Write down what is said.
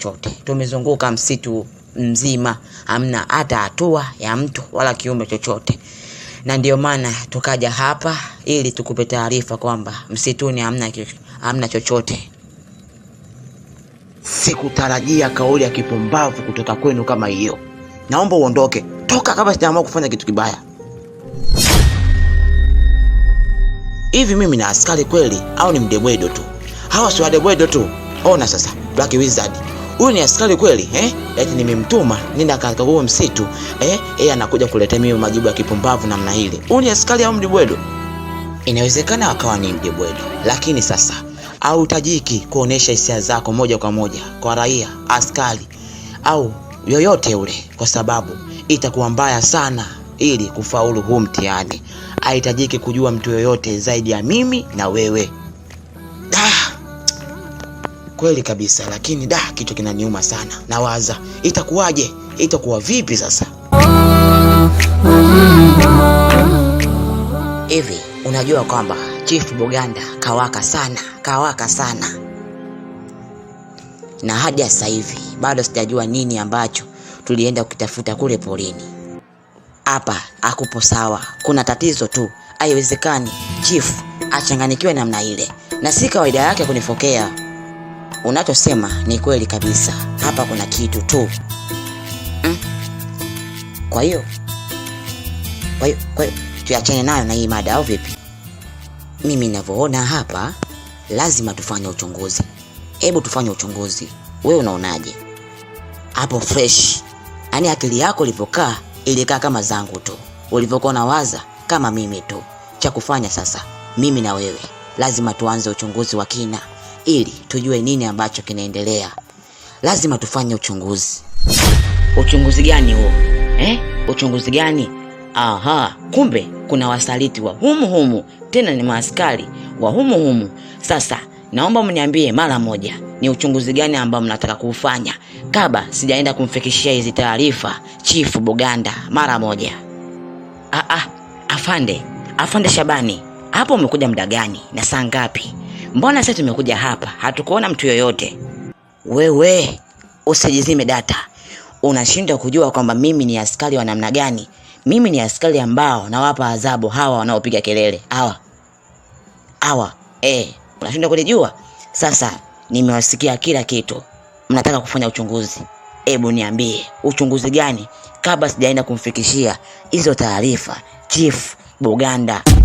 chochote. Tumezunguka msitu mzima, hamna hata hatua ya mtu wala kiumbe chochote, na ndio maana tukaja hapa ili tukupe taarifa kwamba msituni hamna, hamna chochote. Sikutarajia kauli ya kipumbavu kutoka kwenu kama hiyo. Naomba uondoke, toka kabla sijaamua kufanya kitu kibaya. Hivi mimi na askari kweli au ni mdebwedo tu? Hawa si wadebwedo tu. Ona sasa, Black Wizard huyu ni askari kweli eh? Eti nimemtuma nenda katika huo msitu eh? Yeye anakuja kuleta mimi majibu ya kipumbavu namna hili. Huyu ni askari au mdibwedo? Inawezekana wakawa ni mdibwedo, lakini sasa au tajiki kuonesha hisia zako moja kwa moja kwa raia, askari au yoyote ule, kwa sababu itakuwa mbaya sana ili kufaulu huu mtihani. Haitajiki kujua mtu yoyote zaidi ya mimi na wewe. Kweli kabisa, lakini da, kitu kinaniuma sana. Nawaza itakuwaje, itakuwa vipi sasa hivi? Unajua kwamba Chief Buganda kawaka sana, kawaka sana, na hadi sasa hivi bado sijajua nini ambacho tulienda kukitafuta kule porini. Hapa akupo sawa, kuna tatizo tu. Haiwezekani Chief achanganikiwe namna ile, na si kawaida yake kunifokea. Unachosema ni kweli kabisa, hapa kuna kitu tu mm. Kwa hiyo kwa hiyo kwa hiyo tuachane nayo na hii mada au vipi? Mimi ninavyoona hapa, lazima tufanye uchunguzi. Hebu tufanye uchunguzi, wewe unaonaje hapo? Fresh, yaani akili yako ilipokaa ilikaa kama zangu tu, ulivyokuwa waza kama mimi tu. Cha kufanya sasa, mimi na wewe lazima tuanze uchunguzi wa kina ili tujue nini ambacho kinaendelea. Lazima tufanye uchunguzi. Uchunguzi gani huo eh? Uchunguzi gani? Aha, kumbe kuna wasaliti wa humu humu, tena ni maaskari wa humu humu. Sasa naomba mniambie mara moja, ni uchunguzi gani ambao mnataka kuufanya kaba sijaenda kumfikishia hizi taarifa Chifu Buganda mara moja. Ah, ah, afande afande Shabani, hapo umekuja muda gani na saa ngapi? Mbona sasa tumekuja hapa hatukuona mtu yoyote? Wewe usijizime data, unashindwa kujua kwamba mimi ni askari wa namna gani? Mimi ni askari ambao nawapa adhabu hawa wanaopiga kelele hawa hawa. Eh, unashindwa kulijua? Sasa nimewasikia kila kitu, mnataka kufanya uchunguzi. Hebu niambie uchunguzi gani, kabla sijaenda kumfikishia hizo taarifa Chief Buganda.